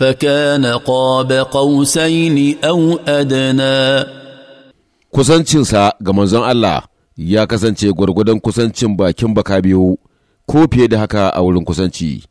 فكان قاب قوسين أو أدنى kusancinsa ga manzon Allah ya kasance gwargwadon kusancin bakin baka biyu ko fiye da haka a wurin kusanci.